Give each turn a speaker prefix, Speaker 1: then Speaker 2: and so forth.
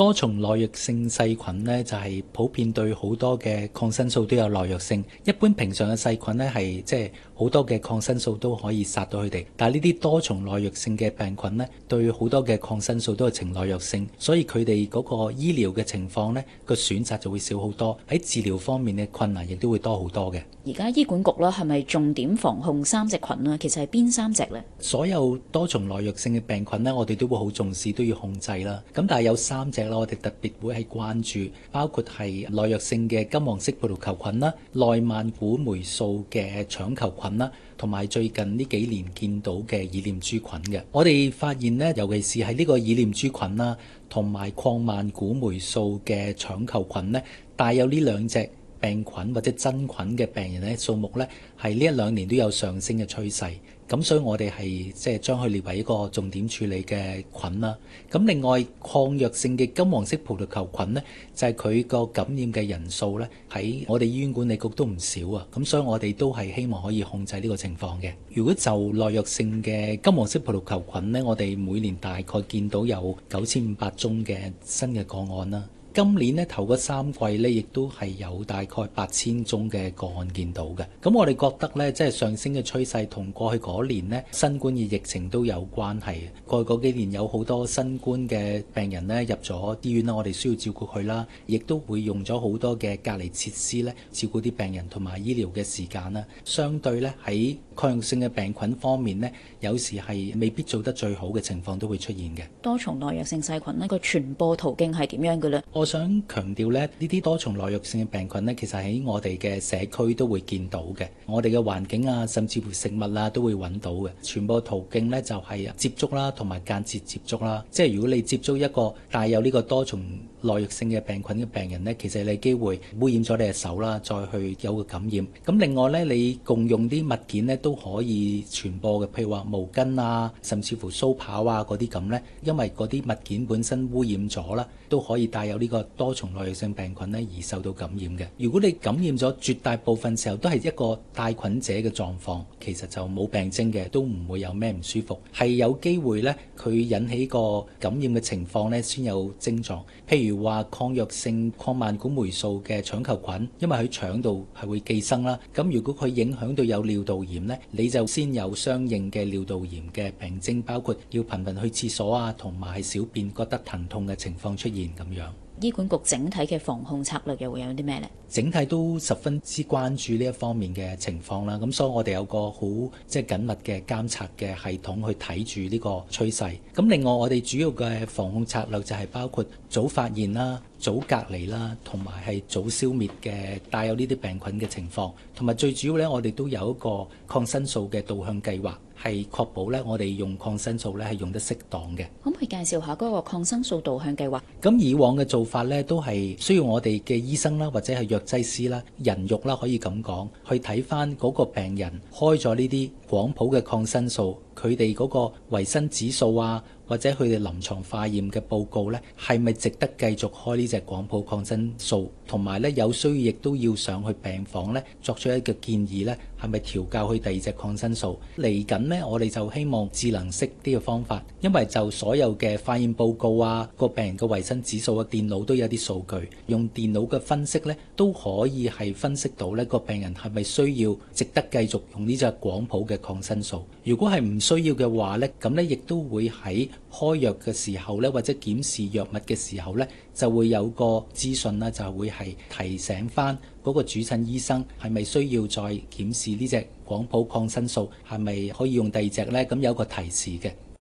Speaker 1: 多重耐藥性細菌呢，就係、是、普遍對好多嘅抗生素都有耐藥性。一般平常嘅細菌呢，係即係好多嘅抗生素都可以殺到佢哋，但係呢啲多重耐藥性嘅病菌呢，對好多嘅抗生素都係呈耐藥性，所以佢哋嗰個醫療嘅情況呢，個選擇就會少好多，喺治療方面嘅困難亦都會多好多嘅。
Speaker 2: 而家醫管局啦，係咪重點防控三隻菌啊？其實係邊三隻呢？
Speaker 1: 所有多重耐藥性嘅病菌呢，我哋都會好重視，都要控制啦。咁但係有三隻。我哋特別會係關注，包括係耐藥性嘅金黃色葡萄球菌啦、耐萬古霉素嘅腸球菌啦，同埋最近呢幾年見到嘅耳念珠菌嘅。我哋發現咧，尤其是係呢個耳念珠菌啦，同埋抗萬古霉素嘅腸球菌咧，帶有呢兩隻病菌或者真菌嘅病人咧，數目咧係呢一兩年都有上升嘅趨勢。咁所以我哋係即係將佢列為一個重點處理嘅菌啦。咁另外抗藥性嘅金黃色葡萄球菌呢，就係佢個感染嘅人數呢，喺我哋醫院管理局都唔少啊。咁所以我哋都係希望可以控制呢個情況嘅。如果就耐藥性嘅金黃色葡萄球菌呢，我哋每年大概見到有九千五百宗嘅新嘅個案啦。今年呢頭嗰三季呢，亦都係有大概八千宗嘅個案見到嘅。咁我哋覺得呢，即係上升嘅趨勢同過去嗰年呢，新冠嘅疫情都有關係。過去嗰幾年有好多新冠嘅病人呢，入咗醫院啦，我哋需要照顧佢啦，亦都會用咗好多嘅隔離設施呢，照顧啲病人同埋醫療嘅時間啦。相對呢，喺抗藥性嘅病菌方面呢，有時係未必做得最好嘅情況都會出現嘅。
Speaker 2: 多重耐藥性細菌呢個傳播途徑
Speaker 1: 係點樣嘅呢？我想強調咧，呢啲多重耐藥性嘅病菌咧，其實喺我哋嘅社區都會見到嘅，我哋嘅環境啊，甚至乎食物啊都會揾到嘅。傳播途徑呢，就係接觸啦，同埋間接接觸啦。即係如果你接觸一個帶有呢個多重耐藥性嘅病菌嘅病人呢，其實你機會污染咗你嘅手啦，再去有個感染。咁另外呢，你共用啲物件呢，都可以傳播嘅，譬如話毛巾啊，甚至乎鬚刨啊嗰啲咁呢。因為嗰啲物件本身污染咗啦，都可以帶有呢個多重耐藥性病菌呢，而受到感染嘅。如果你感染咗絕大部分時候都係一個帶菌者嘅狀況，其實就冇病徵嘅，都唔會有咩唔舒服，係有機會呢，佢引起個感染嘅情況呢，先有症狀，譬如。譬如話抗藥性抗萬古黴素嘅腸球菌，因為喺腸度係會寄生啦。咁如果佢影響到有尿道炎呢，你就先有相應嘅尿道炎嘅病徵，包括要頻頻去廁所啊，同埋小便覺得疼痛嘅情況出現咁樣。
Speaker 2: 醫管局整體嘅防控策略又會有啲咩呢？
Speaker 1: 整體都十分之關注呢一方面嘅情況啦。咁所以我，我哋有個好即係緊密嘅監察嘅系統去睇住呢個趨勢。咁另外，我哋主要嘅防控策略就係包括早發現啦、早隔離啦，同埋係早消滅嘅帶有呢啲病菌嘅情況。同埋最主要呢，我哋都有一個抗生素嘅導向計劃。係確保咧，我哋用抗生素咧係用得適當嘅。
Speaker 2: 可唔可以介紹下嗰個抗生素導向計劃？咁以
Speaker 1: 往嘅做法咧，都係需要我哋嘅醫生啦，或者係藥劑師啦、人肉啦，可以咁講，去睇翻嗰個病人開咗呢啲廣譜嘅抗生素，佢哋嗰個維生指數啊，或者佢哋臨床化驗嘅報告呢，係咪值得繼續開呢隻廣譜抗生素？同埋呢，有需要亦都要上去病房呢，作出一個建議呢，係咪調教去第二隻抗生素？嚟緊呢，我哋就希望智能式啲嘅方法，因為就所有嘅化驗報告啊，個病人嘅維生指數啊，電腦都有啲數據，用電腦嘅分析呢，都可以係分析到呢個病人係咪需要值得繼續用呢隻廣譜嘅。生是是抗生素，如果係唔需要嘅話呢，咁呢亦都會喺開藥嘅時候呢，或者檢視藥物嘅時候呢，就會有個資訊啦，就係會係提醒翻嗰個主診醫生係咪需要再檢視呢隻廣譜抗生素，係咪可以用第二隻呢？咁有個提示嘅。